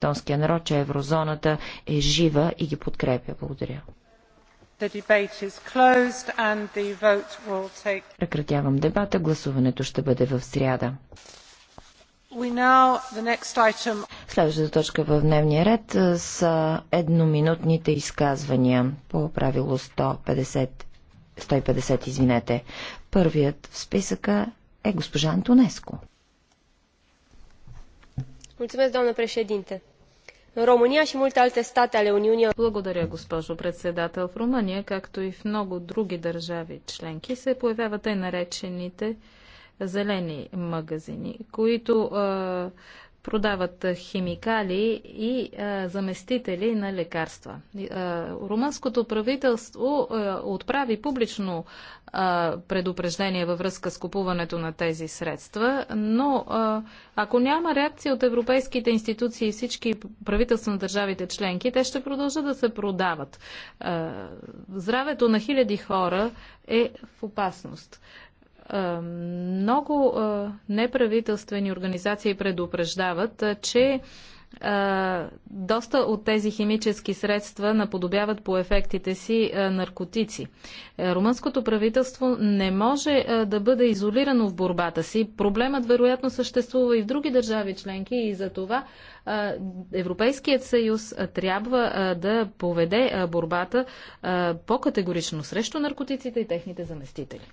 тонския народ, че еврозоната е жива и ги подкрепя. Благодаря. Прекратявам дебата. Гласуването ще бъде в сряда. Следващата точка в дневния ред са едноминутните изказвания по правило 150, 150 извинете. Първият в списъка е госпожа Антонеско în Румъния и multe alte state ale Uniunii Благодаря, госпожо председател. В Румъния, както и в много други държави членки, се появяват тъй наречените зелени магазини, които а, продават химикали и а, заместители на лекарства. А, румънското правителство а, отправи публично а, предупреждение във връзка с купуването на тези средства, но а, ако няма реакция от европейските институции и всички правителства на държавите членки, те ще продължат да се продават. А, здравето на хиляди хора е в опасност. А, е, много е, неправителствени организации предупреждават, е, че доста от тези химически средства наподобяват по ефектите си наркотици. Румънското правителство не може да бъде изолирано в борбата си. Проблемът вероятно съществува и в други държави членки и за това Европейският съюз трябва да поведе борбата по-категорично срещу наркотиците и техните заместители.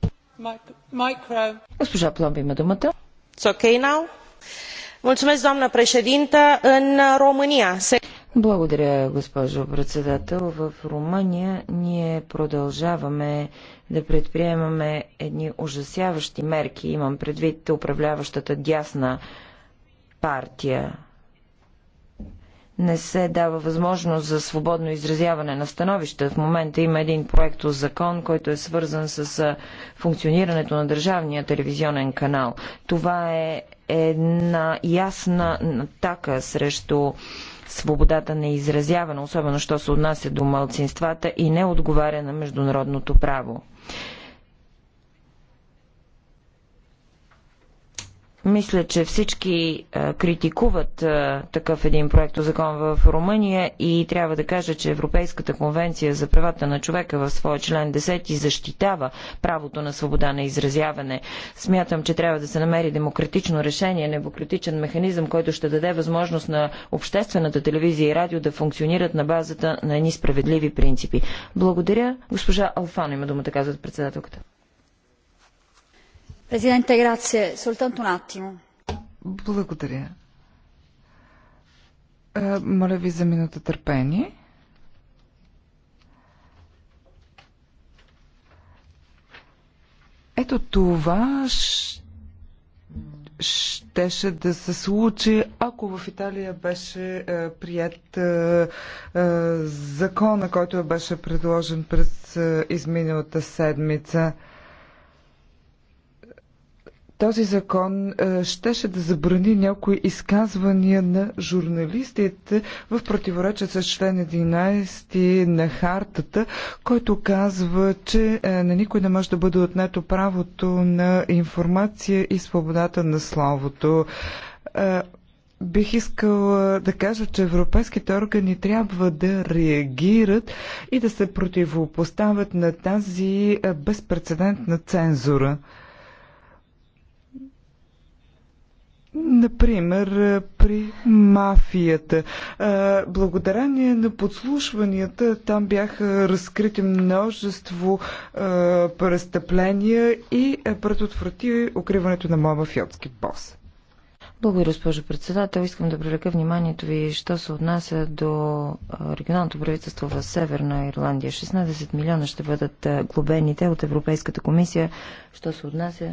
Госпожа Пломби има думата. It's okay now. doamnă președintă. În România se... Благодаря, госпожо председател. В Румъния ние продължаваме да предприемаме едни ужасяващи мерки. Имам предвид управляващата дясна партия не се дава възможност за свободно изразяване на становища. В момента има един проект закон, който е свързан с функционирането на държавния телевизионен канал. Това е една ясна атака срещу свободата на изразяване, особено що се отнася до малцинствата и не отговаря на международното право. Мисля, че всички критикуват такъв един проект закон в Румъния и трябва да кажа, че Европейската конвенция за правата на човека в своя член 10 защитава правото на свобода на изразяване. Смятам, че трябва да се намери демократично решение, демократичен механизъм, който ще даде възможност на обществената телевизия и радио да функционират на базата на едни справедливи принципи. Благодаря. Госпожа Алфано има думата, казват председателката. Президенте, грация. Солтанто натимо. Благодаря. Е, моля ви за минута търпение. Ето това щеше да се случи, ако в Италия беше е, прият е, закона, който беше предложен през изминалата седмица. Този закон е, щеше да забрани някои изказвания на журналистите в противоречие с член 11 на хартата, който казва, че е, на никой не може да бъде отнето правото на информация и свободата на словото. Е, бих искал да кажа, че европейските органи трябва да реагират и да се противопоставят на тази безпредседентна цензура. Например, е, при мафията. Е, благодарение на подслушванията там бяха разкрити множество е, престъпления и предотврати укриването на моя мафиотски бос. Благодаря, госпожо председател. Искам да привлека вниманието ви, що се отнася до регионалното правителство в Северна Ирландия. 16 милиона ще бъдат глобените от Европейската комисия, що се отнася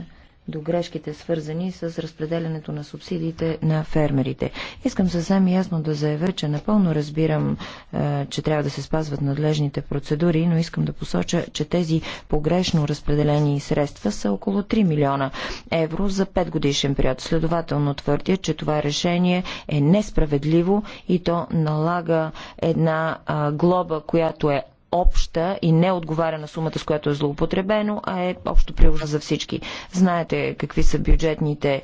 до грешките, свързани с разпределянето на субсидиите на фермерите. Искам съвсем ясно да заявя, че напълно разбирам, е, че трябва да се спазват надлежните процедури, но искам да посоча, че тези погрешно разпределени средства са около 3 милиона евро за 5 годишен период. Следователно твърдя, че това решение е несправедливо и то налага една глоба, която е обща и не отговаря на сумата, с която е злоупотребено, а е общо приложено за всички. Знаете какви са бюджетните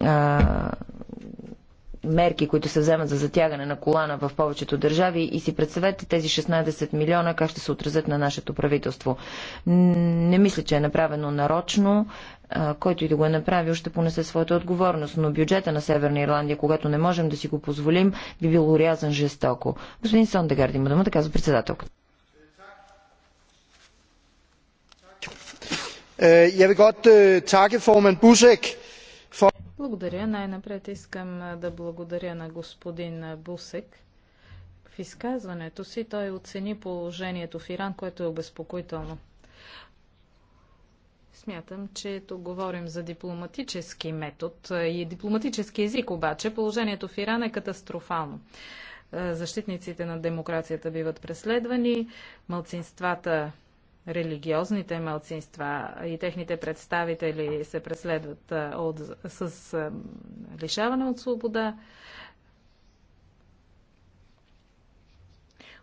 а, мерки, които се вземат за затягане на колана в повечето държави и си представете тези 16 милиона как ще се отразят на нашето правителство. Не мисля, че е направено нарочно. Който и да го е направил, ще понесе своята отговорност. Но бюджета на Северна Ирландия, когато не можем да си го позволим, би бил урязан жестоко. Господин Сондегард има дума, да казва председателката. Øh, øh, благодаря. Най-напред искам да благодаря на господин Бусек. В изказването си той оцени положението в Иран, което е обезпокоително. Смятам, че тук говорим за дипломатически метод и дипломатически език, обаче положението в Иран е катастрофално. Защитниците на демокрацията биват преследвани, мълцинствата религиозните мълцинства и техните представители се преследват от, с с лишаване от свобода.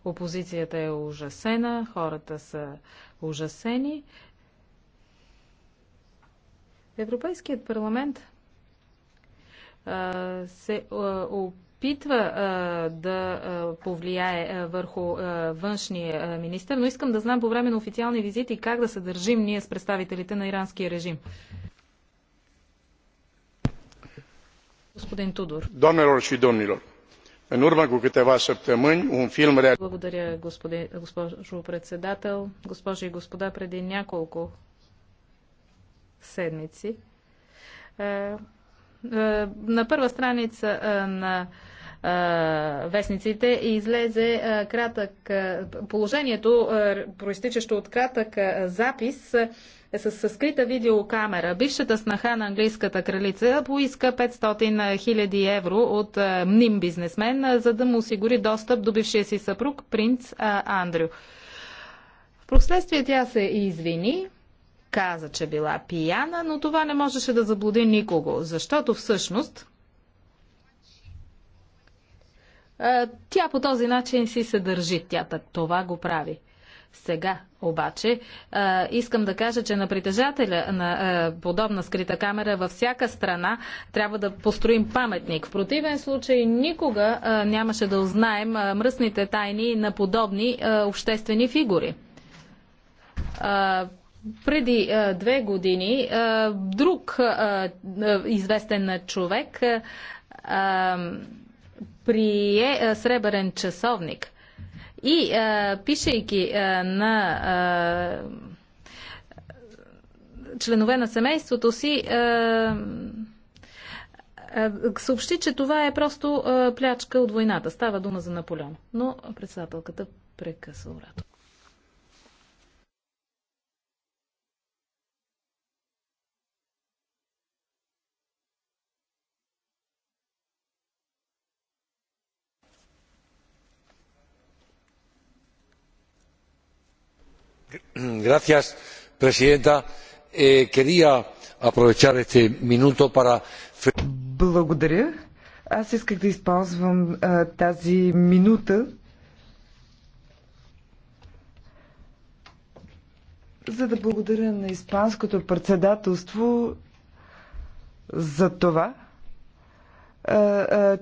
Опозицията е ужасена, хората са ужасени. Европейският парламент а, се а, опитва а, да а, повлияе а, върху а, външния министр, но искам да знам по време на официални визити как да се държим ние с представителите на иранския режим. Господин Тудор. Домнилор и домнилор. în urmă cu câteva săptămâni, un film real... Благодаря, госпожо председател. Госпожи и господа, преди няколко седмици на първа страница на вестниците и излезе кратък положението, проистичащо от кратък запис с, с скрита видеокамера. Бившата снаха на английската кралица поиска 500 хиляди евро от мним бизнесмен, за да му осигури достъп до бившия си съпруг, принц Андрю. В последствие тя се извини, каза, че била пияна, но това не можеше да заблуди никого, защото всъщност Тя по този начин си се държи. Тя так, това го прави. Сега обаче а, искам да кажа, че на притежателя на а, подобна скрита камера във всяка страна трябва да построим паметник. В противен случай никога а, нямаше да узнаем а, мръсните тайни на подобни а, обществени фигури. А, преди а, две години а, друг а, известен човек а, прие е, сребърен часовник и е, пишейки е, на членове на семейството си съобщи, че това е просто плячка от войната. Става дума за Наполеон. Но председателката прекъсва врата. señora presidenta eh, quería aprovechar este minuto para. Благодаря. Аз исках да използвам а, тази минута, за да благодаря на Испанското председателство за това,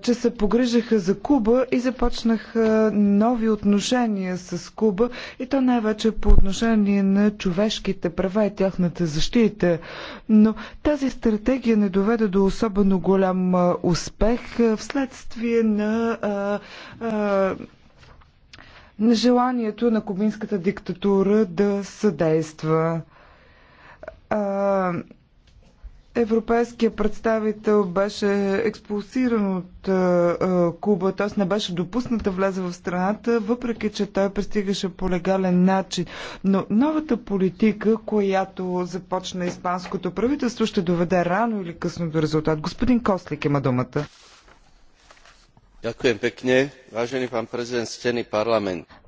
че се погрижаха за Куба и започнаха нови отношения с Куба и то най-вече по отношение на човешките права и тяхната защита. Но тази стратегия не доведе до особено голям успех вследствие на а, нежеланието на кубинската диктатура да съдейства. А, Европейският представител беше експулсиран от Куба, т.е. не беше допусната да влезе в страната, въпреки че той пристигаше по легален начин. Но новата политика, която започна испанското правителство, ще доведе рано или късно до резултат. Господин Кослик има думата.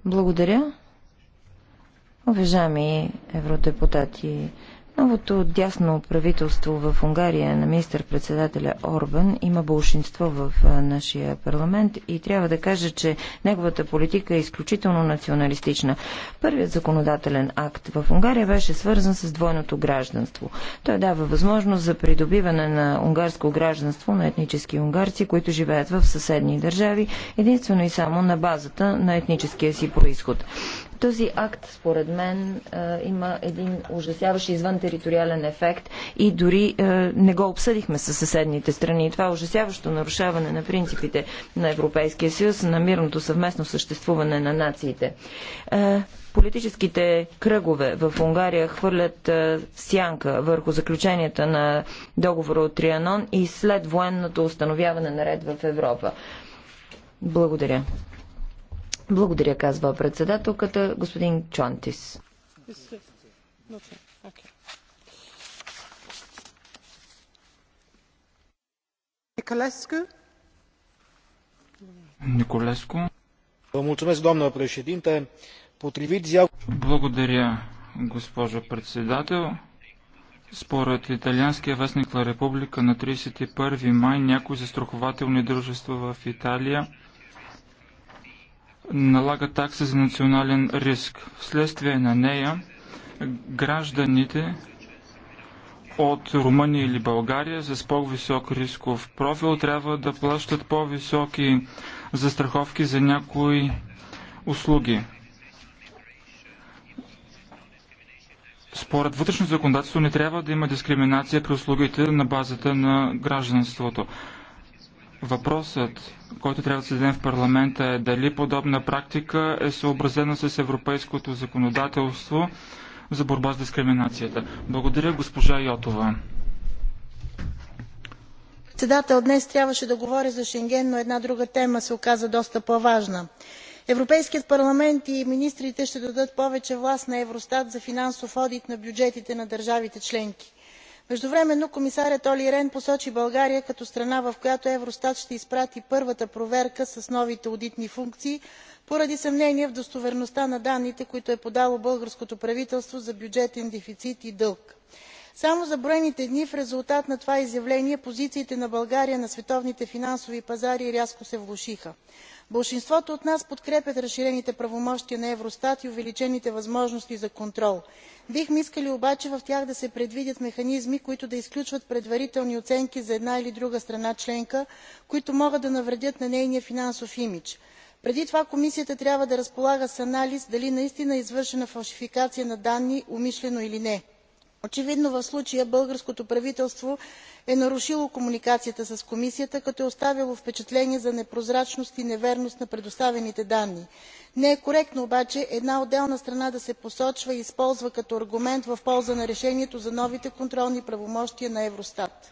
Благодаря. Уважаеми евродепутати, Новото дясно правителство в Унгария на министър-председателя Орбан има болшинство в нашия парламент и трябва да кажа, че неговата политика е изключително националистична. Първият законодателен акт в Унгария беше свързан с двойното гражданство. Той дава възможност за придобиване на унгарско гражданство на етнически унгарци, които живеят в съседни държави, единствено и само на базата на етническия си происход. Този акт, според мен, е, има един ужасяващ извън териториален ефект и дори е, не го обсъдихме с съседните страни. И това е ужасяващо нарушаване на принципите на Европейския съюз, на мирното съвместно съществуване на нациите. Е, политическите кръгове в Унгария хвърлят сянка върху заключенията на договора от Трианон и след военното установяване на ред в Европа. Благодаря. Благодаря, казва председателката, господин Чонтис. Николеско. Николеско. Vă mulțumesc, doamnă președinte. Potrivit Благодаря, госпожо председател. Според италианския вестник La Република на 31 май някои застрахователни дружества в Италия налага такса за национален риск. Вследствие на нея гражданите от Румъния или България с по-висок рисков профил трябва да плащат по-високи застраховки за някои услуги. Според вътрешно законодателство не трябва да има дискриминация при услугите на базата на гражданството. Въпросът, който трябва да се зададем в парламента е дали подобна практика е съобразена с европейското законодателство за борба с дискриминацията. Благодаря, госпожа Йотова. Председател, днес трябваше да говоря за Шенген, но една друга тема се оказа доста по-важна. Европейският парламент и министрите ще дадат повече власт на Евростат за финансов одит на бюджетите на държавите членки междувременно комисарят оли Рен посочи българя като страна в която евростат ще изпрати първата проверка с новите одитни функции поради съмнение в достоверността на данните които е подало българското правителство за бюджетен дефицит и дълг само за броените дни в резултат на това изявление позициите на българя на световните финансови пазари рязко се влошиха. болшинството от нас подкрепят разширените правомощия на евростат и увеличените възможности за контрол. бихме искали обаче в тях да се предвидят механизми които да изключват предварителни оценки за една или друга страна членка които могат да навредят на нейния финансов имидж. преди това комисията трябва да разполага с анализ дали наистина е извършена фалшификация на данни умишлено или не очевидно в случая българското правителство е нарушило комуникацията с комисията като е оставило впечатление за непрозрачност и неверност на предоставените данни. не е коректно обаче една отделна страна да се посочва и използва като аргумент в полза на решението за новите контролни правомощия на евростат.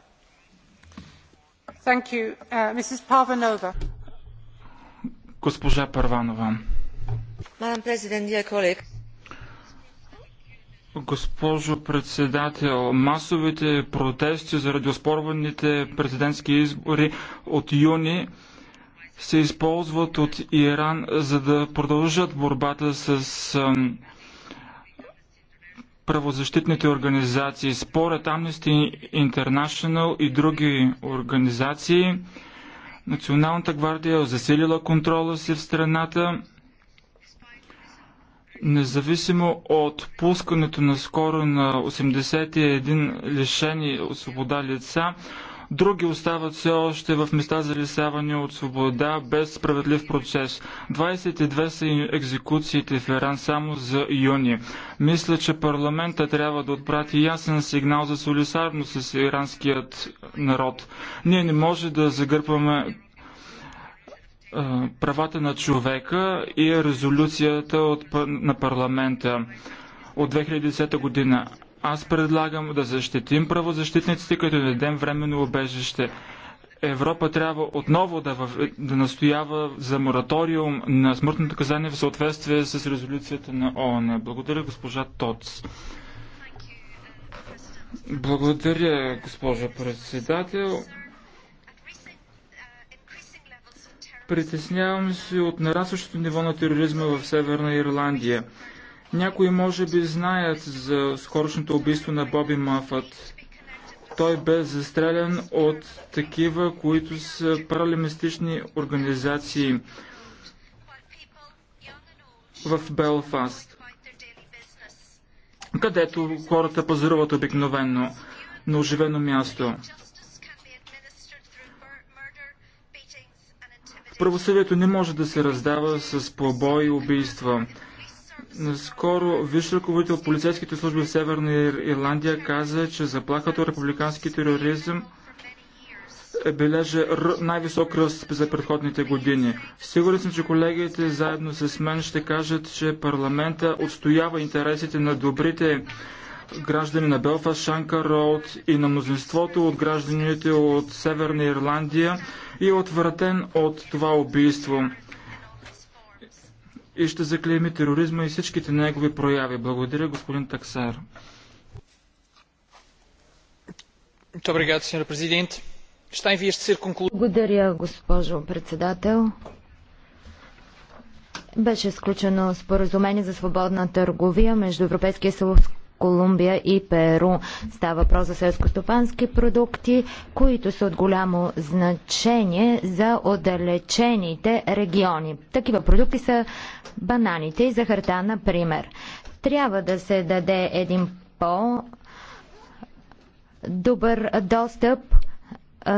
Госпожо председател, масовите протести заради оспорваните президентски избори от юни се използват от Иран, за да продължат борбата с правозащитните организации. Според Amnesty International и други организации, Националната гвардия е засилила контрола си в страната Независимо от пускането на скоро на 81 лишени от свобода лица, други остават все още в места за лисяване от свобода без справедлив процес. 22 са екзекуциите в Иран само за юни. Мисля, че парламента трябва да отпрати ясен сигнал за солидарност с иранският народ. Ние не може да загърпваме правата на човека и резолюцията от, на парламента от 2010 година. Аз предлагам да защитим правозащитниците, като да дадем временно убежище. Европа трябва отново да, във... да настоява за мораториум на смъртното наказание в съответствие с резолюцията на ООН. Благодаря, госпожа Тоц. Благодаря, госпожа председател. Притеснявам се от нарастващото ниво на тероризма в Северна Ирландия. Някои може би знаят за скорошното убийство на Боби Мафът. Той бе застрелян от такива, които са паралимистични организации в Белфаст, където хората пазаруват обикновенно на оживено място. Правосъдието не може да се раздава с побои и убийства. Скоро виш ръководител полицейските служби в Северна Ирландия каза, че заплахата от републикански тероризъм е бележа най-висок ръст за предходните години. Сигурен съм, че колегите заедно с мен ще кажат, че парламента отстоява интересите на добрите граждани на Белфаст, Шанка Роуд и на мнозинството от гражданите от Северна Ирландия и отвратен от това убийство. И ще заклейми тероризма и всичките негови прояви. Благодаря, господин Таксар. Благодаря, госпожо председател. Беше сключено споразумение за свободна търговия между Европейския съюз Колумбия и Перу. Става въпрос за селскостопански продукти, които са от голямо значение за отдалечените региони. Такива продукти са бананите и захарта, например. Трябва да се даде един по добър достъп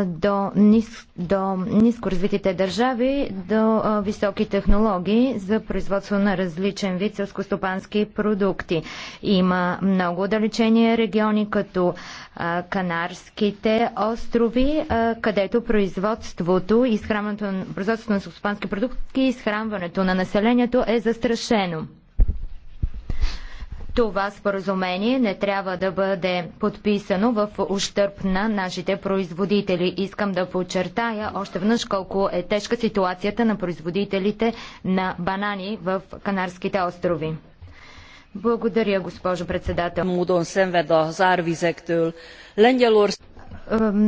до, нис, до ниско развитите държави, до а, високи технологии за производство на различен вид селскостопански продукти. Има много отдалечени региони, като а, Канарските острови, а, където производството, изхранването, производството на селскостопански продукти и изхранването на населението е застрашено това споразумение не трябва да бъде подписано в ущърп на нашите производители. Искам да подчертая още веднъж колко е тежка ситуацията на производителите на банани в Канарските острови. Благодаря, госпожо председател.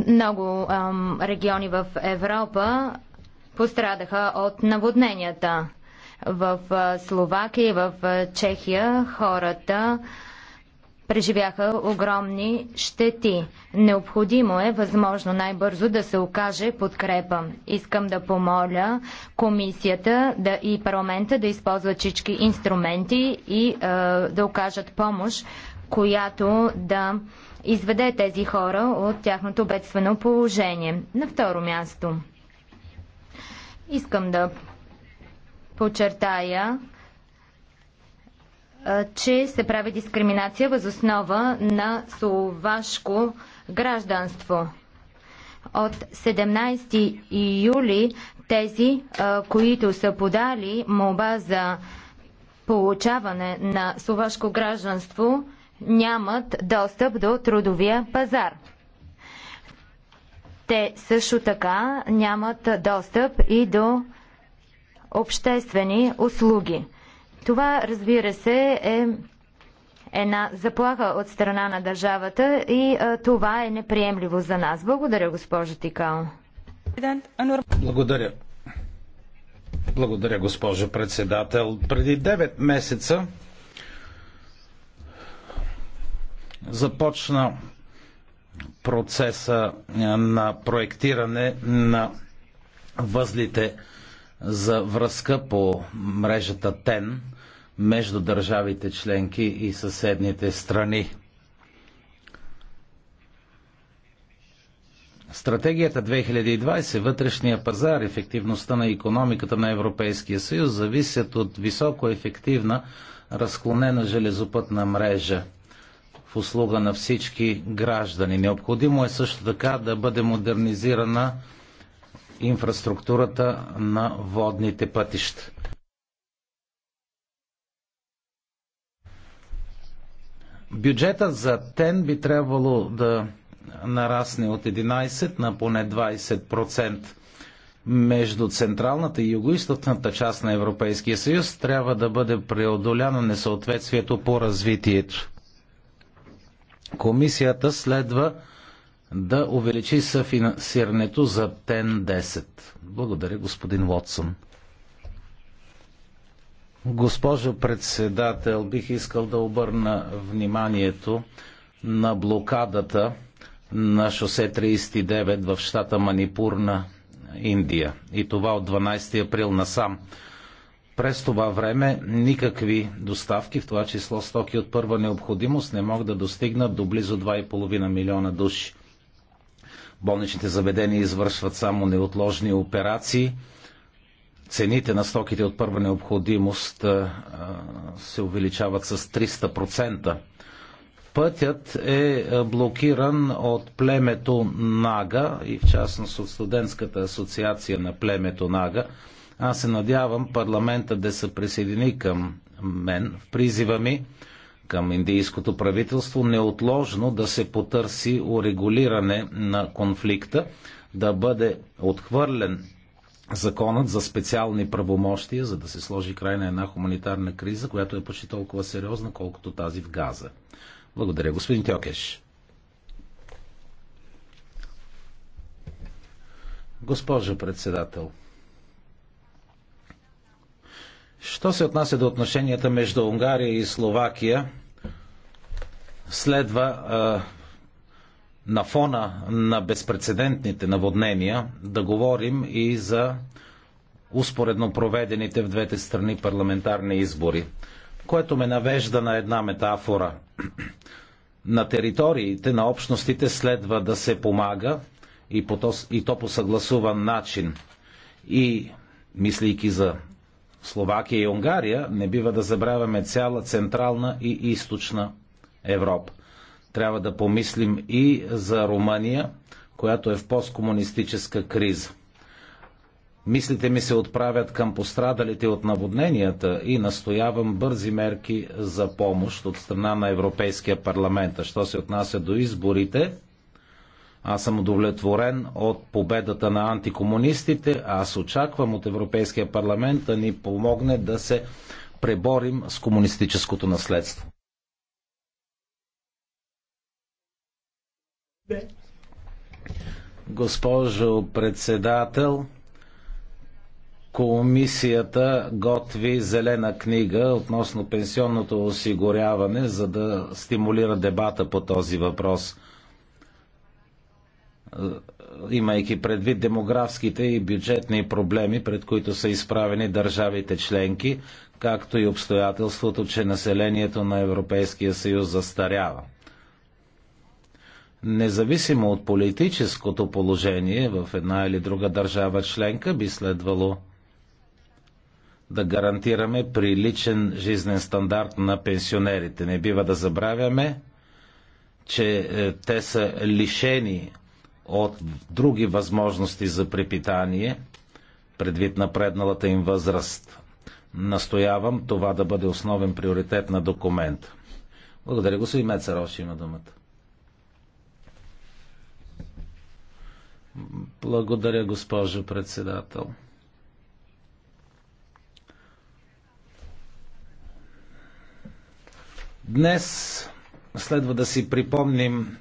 Много региони в Европа пострадаха от наводненията. В Словакия и в Чехия хората преживяха огромни щети. Необходимо е възможно най-бързо да се окаже подкрепа. Искам да помоля комисията да и парламента да използват всички инструменти и е, да окажат помощ, която да изведе тези хора от тяхното бедствено положение. На второ място. Искам да подчертая, че се прави дискриминация възоснова на словашко гражданство. От 17 юли тези, които са подали молба за получаване на словашко гражданство, нямат достъп до трудовия пазар. Те също така нямат достъп и до обществени услуги. Това, разбира се, е една заплаха от страна на държавата и а, това е неприемливо за нас. Благодаря, госпожо Тикал. Благодаря. Благодаря, госпожо председател. Преди 9 месеца започна процеса на проектиране на възлите за връзка по мрежата ТЕН между държавите членки и съседните страни. Стратегията 2020, вътрешния пазар, ефективността на економиката на Европейския съюз зависят от високо ефективна разклонена железопътна мрежа в услуга на всички граждани. Необходимо е също така да бъде модернизирана инфраструктурата на водните пътища. Бюджетът за ТЕН би трябвало да нарасне от 11 на поне 20% между централната и югоисточната част на Европейския съюз трябва да бъде преодоляно несъответствието по развитието. Комисията следва да увеличи съфинансирането за ТЕН-10. Благодаря, господин Уотсон. Госпожо председател, бих искал да обърна вниманието на блокадата на шосе 39 в щата Манипур на Индия. И това от 12 април насам. През това време никакви доставки, в това число стоки от първа необходимост, не могат да достигнат до близо 2,5 милиона души. Болничните заведения извършват само неотложни операции. Цените на стоките от първа необходимост се увеличават с 300%. Пътят е блокиран от племето Нага и в частност от студентската асоциация на племето Нага. Аз се надявам парламента да се присъедини към мен в призива ми към индийското правителство неотложно да се потърси урегулиране на конфликта, да бъде отхвърлен законът за специални правомощия, за да се сложи край на една хуманитарна криза, която е почти толкова сериозна, колкото тази в Газа. Благодаря, господин Тьокеш. Госпожо председател, Що се отнася до отношенията между Унгария и Словакия, следва а, на фона на безпредседентните наводнения да говорим и за успоредно проведените в двете страни парламентарни избори, което ме навежда на една метафора. На териториите на общностите следва да се помага и, по то, и то по съгласуван начин. И, мислейки за Словакия и Унгария, не бива да забравяме цяла Централна и Източна Европа. Трябва да помислим и за Румъния, която е в посткомунистическа криза. Мислите ми се отправят към пострадалите от наводненията и настоявам бързи мерки за помощ от страна на Европейския парламент. Що се отнася до изборите, аз съм удовлетворен от победата на антикомунистите. Аз очаквам от Европейския парламент да ни помогне да се преборим с комунистическото наследство. Госпожо председател, комисията готви зелена книга относно пенсионното осигуряване, за да стимулира дебата по този въпрос имайки предвид демографските и бюджетни проблеми, пред които са изправени държавите членки, както и обстоятелството, че населението на Европейския съюз застарява. Независимо от политическото положение в една или друга държава членка, би следвало да гарантираме приличен жизнен стандарт на пенсионерите. Не бива да забравяме, че е, те са лишени от други възможности за препитание, предвид напредналата им възраст. Настоявам това да бъде основен приоритет на документа. Благодаря, господин ще има думата. Благодаря, госпожо председател. Днес следва да си припомним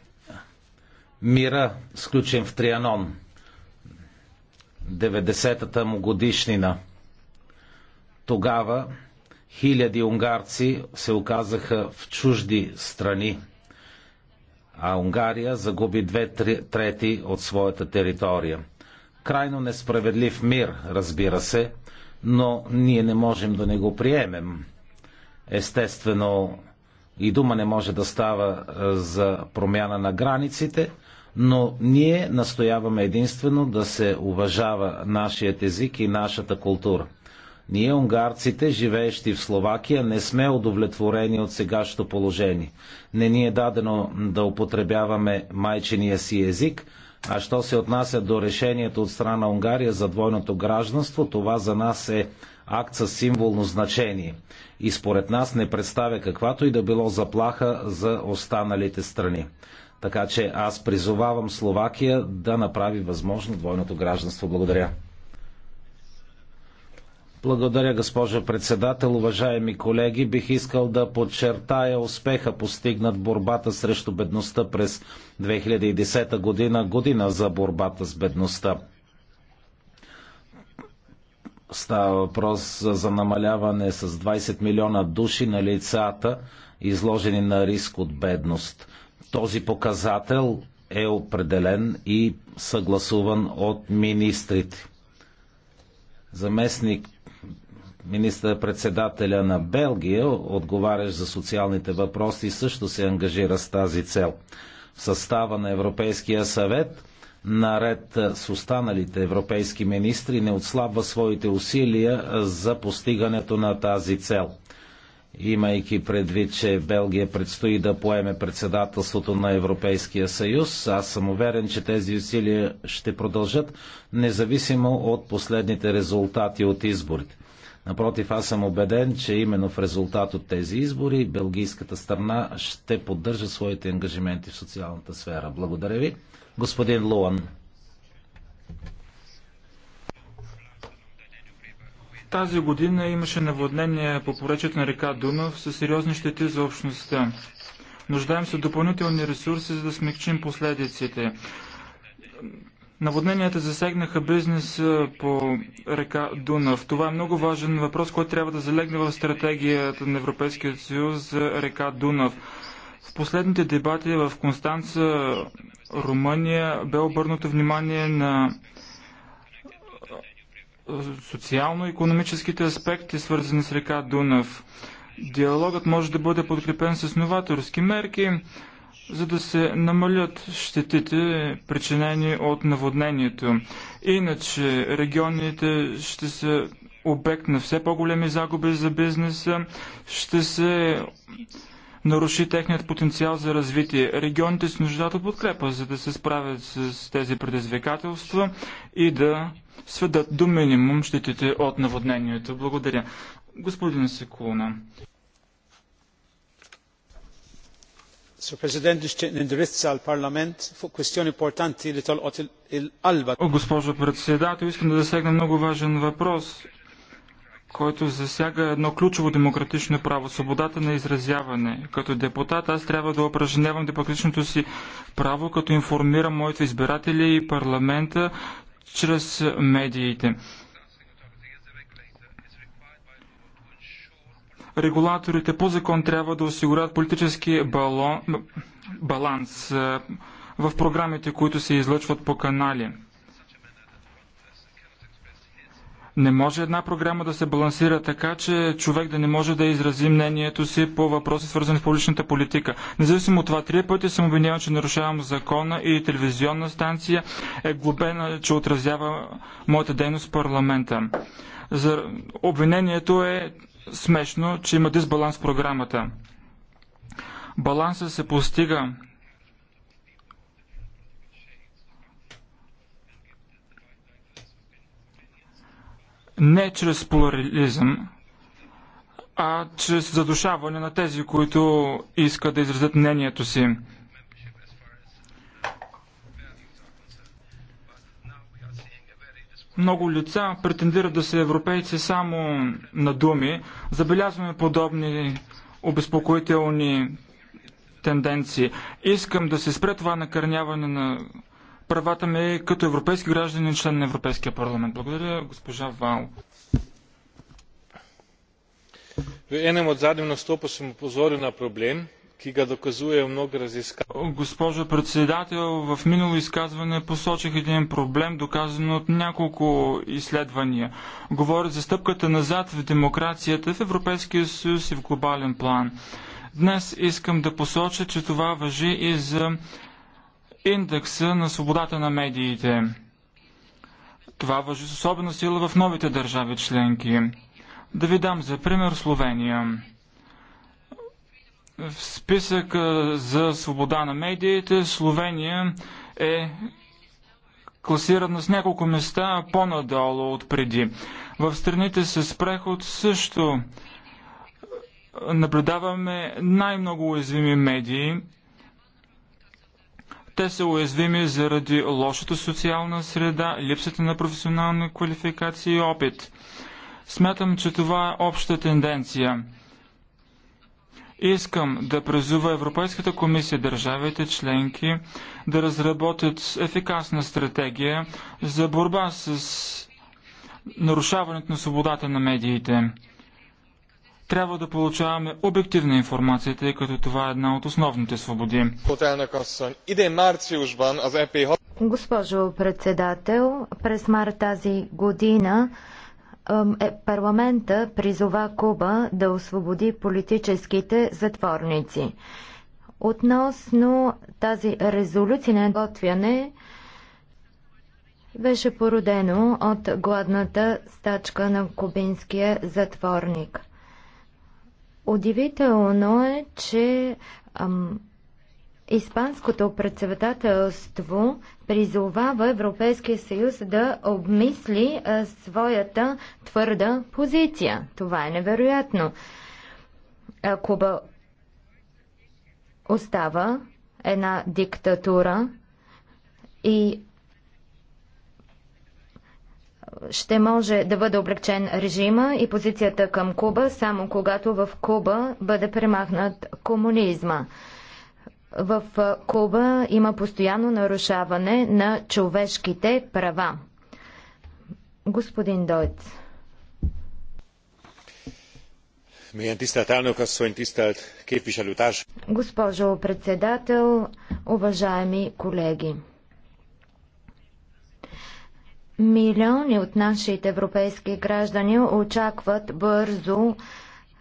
мира, сключен в Трианон, 90-та му годишнина. Тогава хиляди унгарци се оказаха в чужди страни, а Унгария загуби две трети от своята територия. Крайно несправедлив мир, разбира се, но ние не можем да не го приемем. Естествено, и дума не може да става за промяна на границите – но ние настояваме единствено да се уважава нашият език и нашата култура. Ние, унгарците, живеещи в Словакия, не сме удовлетворени от сегашното положение. Не ни е дадено да употребяваме майчения си език, а що се отнася до решението от страна Унгария за двойното гражданство, това за нас е акт със символно значение и според нас не представя каквато и да било заплаха за останалите страни. Така че аз призовавам Словакия да направи възможно двойното гражданство. Благодаря. Благодаря, госпожо председател. Уважаеми колеги, бих искал да подчертая успеха постигнат борбата срещу бедността през 2010 година, година за борбата с бедността. Става въпрос за намаляване с 20 милиона души на лицата, изложени на риск от бедност. Този показател е определен и съгласуван от министрите. Заместник министър-председателя на Белгия, отговарящ за социалните въпроси, също се ангажира с тази цел. В състава на Европейския съвет, наред с останалите европейски министри, не отслабва своите усилия за постигането на тази цел – имайки предвид, че Белгия предстои да поеме председателството на Европейския съюз. Аз съм уверен, че тези усилия ще продължат, независимо от последните резултати от изборите. Напротив, аз съм убеден, че именно в резултат от тези избори белгийската страна ще поддържа своите ангажименти в социалната сфера. Благодаря ви. Господин Луан. Тази година имаше наводнение по поречието на река Дунав със сериозни щети за общността. Нуждаем се допълнителни ресурси, за да смекчим последиците. Наводненията засегнаха бизнес по река Дунав. Това е много важен въпрос, който трябва да залегне в стратегията на Европейския съюз за река Дунав. В последните дебати в Констанца, Румъния, бе обърнато внимание на социално-економическите аспекти, свързани с река Дунав. Диалогът може да бъде подкрепен с новаторски мерки, за да се намалят щетите, причинени от наводнението. Иначе регионите ще са обект на все по-големи загуби за бизнеса, ще се наруши техният потенциал за развитие. Регионите с нуждат от подкрепа, за да се справят с тези предизвикателства и да сведат до минимум щетите от наводнението. Благодаря. Господин Секулна. Госпожо председател, искам да засегна много важен въпрос който засяга едно ключово демократично право свободата на изразяване. Като депутат аз трябва да упражнявам демократичното си право, като информирам моите избиратели и парламента чрез медиите. Регулаторите по закон трябва да осигурят политически балон, баланс в програмите, които се излъчват по канали. Не може една програма да се балансира така, че човек да не може да изрази мнението си по въпроси, свързани с публичната политика. Независимо от това, три пъти съм обвиняван, че нарушавам закона и телевизионна станция е глобена, че отразява моята дейност в парламента. За обвинението е смешно, че има дисбаланс в програмата. Балансът се постига не чрез плурализъм, а чрез задушаване на тези, които искат да изразят мнението си. Много лица претендират да са европейци само на думи. Забелязваме подобни обезпокоителни тенденции. Искам да се спре това накърняване на правата ми като европейски граждани и член на Европейския парламент. Благодаря, госпожа Вал. V от od zadnjih nastopov съм upozoril на проблем, ки га dokazujejo много raziskave. Госпожо председател, в минало изказване посочих един проблем, доказан от няколко изследвания. Говоря за стъпката назад в демокрацията в Европейския съюз и в глобален план. Днес искам да посоча, че това въжи и за индекса на свободата на медиите. Това въжи с особена сила в новите държави членки. Да ви дам за пример Словения. В списък за свобода на медиите Словения е класирана с няколко места по-надолу от преди. В страните с преход също наблюдаваме най-много уязвими медии, те са уязвими заради лошата социална среда, липсата на професионални квалификации и опит. Смятам, че това е обща тенденция. Искам да призува Европейската комисия държавите членки да разработят ефикасна стратегия за борба с нарушаването на свободата на медиите. Трябва да получаваме обективна информация, тъй като това е една от основните свободи. Госпожо председател, през март тази година е, парламента призова Куба да освободи политическите затворници. Относно тази резолюция на готвяне беше породено от гладната стачка на кубинския затворник. Удивително е, че ам, Испанското председателство призовава Европейския съюз да обмисли а, своята твърда позиция. Това е невероятно. А, Куба остава една диктатура и ще може да бъде облегчен режима и позицията към Куба, само когато в Куба бъде премахнат комунизма. В Куба има постоянно нарушаване на човешките права. Господин Дойц. Госпожо председател, уважаеми колеги! Милиони от нашите европейски граждани очакват бързо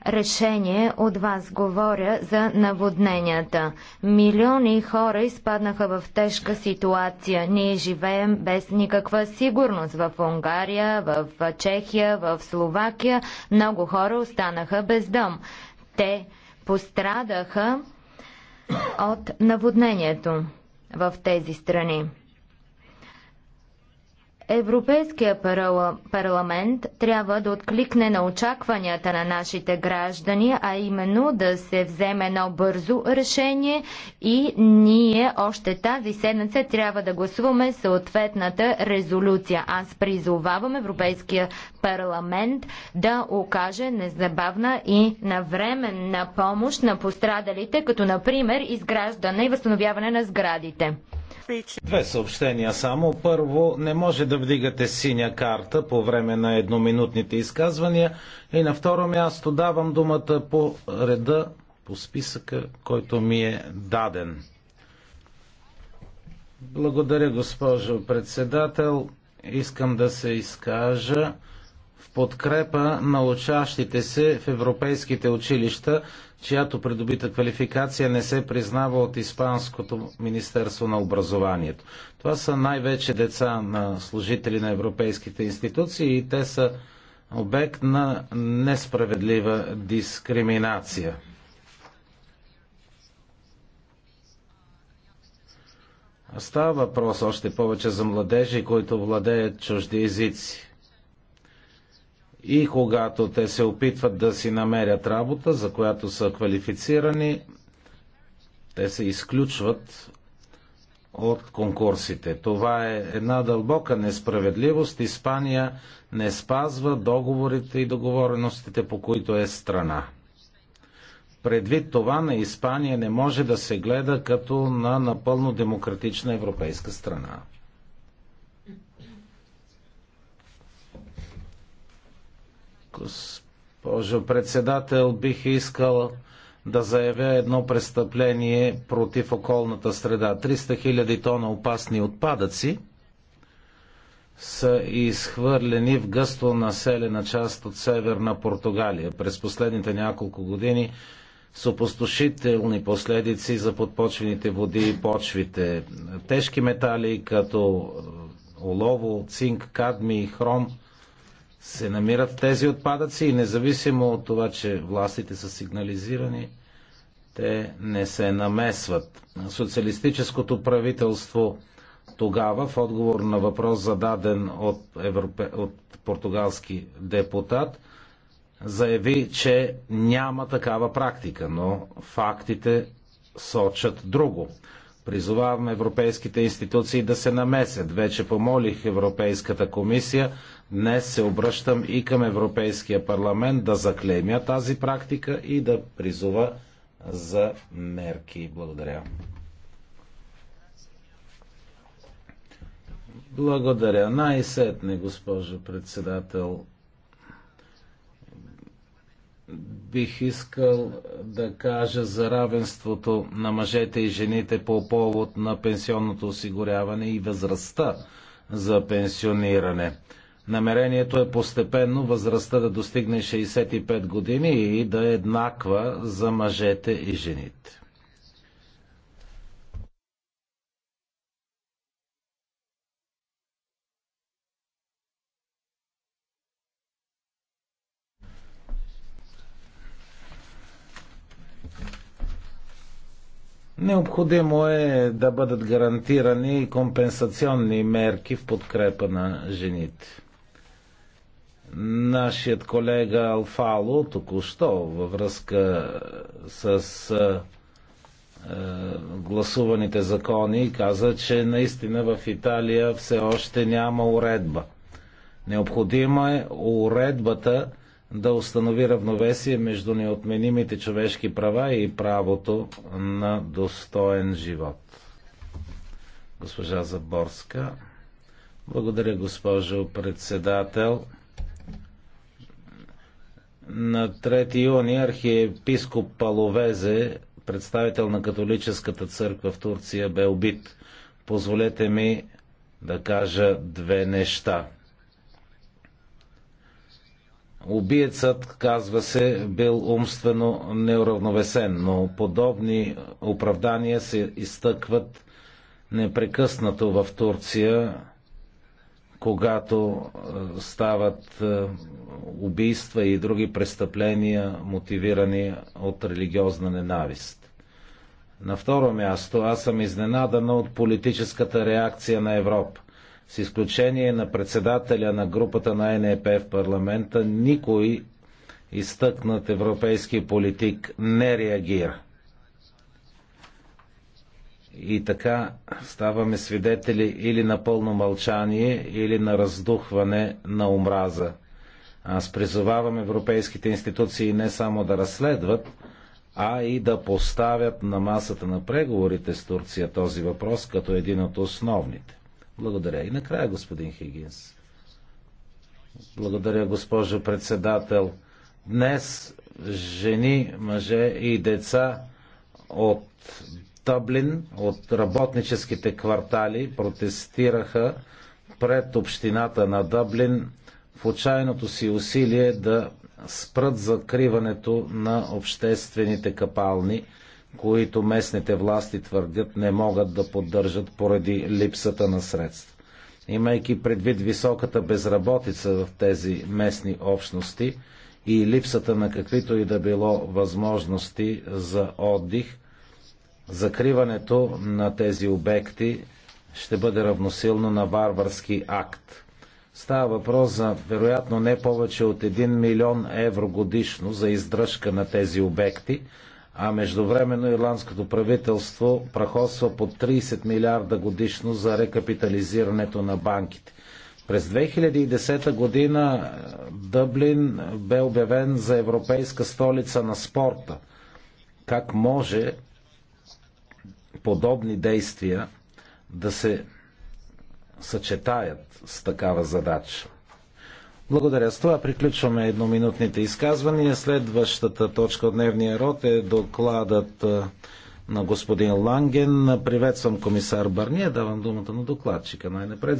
решение от вас. Говоря за наводненията. Милиони хора изпаднаха в тежка ситуация. Ние живеем без никаква сигурност в Унгария, в Чехия, в Словакия. Много хора останаха без дом. Те пострадаха от наводнението в тези страни. Европейския парламент трябва да откликне на очакванията на нашите граждани, а именно да се вземе едно бързо решение и ние още тази седмица трябва да гласуваме съответната резолюция. Аз призовавам Европейския парламент да окаже незабавна и навременна помощ на пострадалите, като например изграждане и възстановяване на сградите. Две съобщения само. Първо, не може да вдигате синя карта по време на едноминутните изказвания. И на второ място давам думата по реда, по списъка, който ми е даден. Благодаря, госпожо председател. Искам да се изкажа подкрепа на учащите се в европейските училища, чиято придобита квалификация не се признава от Испанското Министерство на образованието. Това са най-вече деца на служители на европейските институции и те са обект на несправедлива дискриминация. Става въпрос още повече за младежи, които владеят чужди езици. И когато те се опитват да си намерят работа, за която са квалифицирани, те се изключват от конкурсите. Това е една дълбока несправедливост. Испания не спазва договорите и договореностите, по които е страна. Предвид това на Испания не може да се гледа като на напълно демократична европейска страна. Госпожо председател, бих искал да заявя едно престъпление против околната среда. 300 000 тона опасни отпадъци са изхвърлени в гъсто населена част от северна Португалия. През последните няколко години с опустошителни последици за подпочвените води и почвите. Тежки метали като олово, цинк, кадми и хром – се намират тези отпадъци и независимо от това, че властите са сигнализирани, те не се намесват. Социалистическото правителство тогава, в отговор на въпрос зададен от, европе... от португалски депутат, заяви, че няма такава практика, но фактите сочат друго. Призовавам европейските институции да се намесят. Вече помолих Европейската комисия Днес се обръщам и към Европейския парламент да заклемя тази практика и да призова за мерки. Благодаря. Благодаря. Най-сетне, госпожо председател, бих искал да кажа за равенството на мъжете и жените по повод на пенсионното осигуряване и възрастта за пенсиониране. Намерението е постепенно възрастта да достигне 65 години и да е еднаква за мъжете и жените. Необходимо е да бъдат гарантирани и компенсационни мерки в подкрепа на жените. Нашият колега Алфало току-що във връзка с гласуваните закони каза, че наистина в Италия все още няма уредба. Необходима е уредбата да установи равновесие между неотменимите човешки права и правото на достоен живот. Госпожа Заборска. Благодаря, госпожо председател. На 3 юни архиепископ Паловезе, представител на католическата църква в Турция, бе убит. Позволете ми да кажа две неща. Убиецът, казва се, бил умствено неуравновесен, но подобни оправдания се изтъкват непрекъснато в Турция когато е, стават е, убийства и други престъпления, мотивирани от религиозна ненавист. На второ място, аз съм изненадана от политическата реакция на Европа. С изключение на председателя на групата на НЕП в парламента, никой изтъкнат европейски политик не реагира. И така ставаме свидетели или на пълно мълчание, или на раздухване на омраза. Аз призовавам европейските институции не само да разследват, а и да поставят на масата на преговорите с Турция този въпрос като един от основните. Благодаря. И накрая, господин Хигинс. Благодаря, госпожо председател. Днес жени, мъже и деца от Дъблин от работническите квартали протестираха пред общината на Дъблин в отчаяното си усилие да спрат закриването на обществените капални, които местните власти твърдят не могат да поддържат поради липсата на средства. Имайки предвид високата безработица в тези местни общности и липсата на каквито и да било възможности за отдих, Закриването на тези обекти ще бъде равносилно на варварски акт. Става въпрос за вероятно не повече от 1 милион евро годишно за издръжка на тези обекти, а междувременно ирландското правителство прахосва по 30 милиарда годишно за рекапитализирането на банките. През 2010 година е, Дъблин бе обявен за европейска столица на спорта. Как може подобни действия да се съчетаят с такава задача. Благодаря. С това приключваме едноминутните изказвания. Следващата точка от дневния род е докладът на господин Ланген. Приветствам комисар Барния. Давам думата на докладчика. Най-напред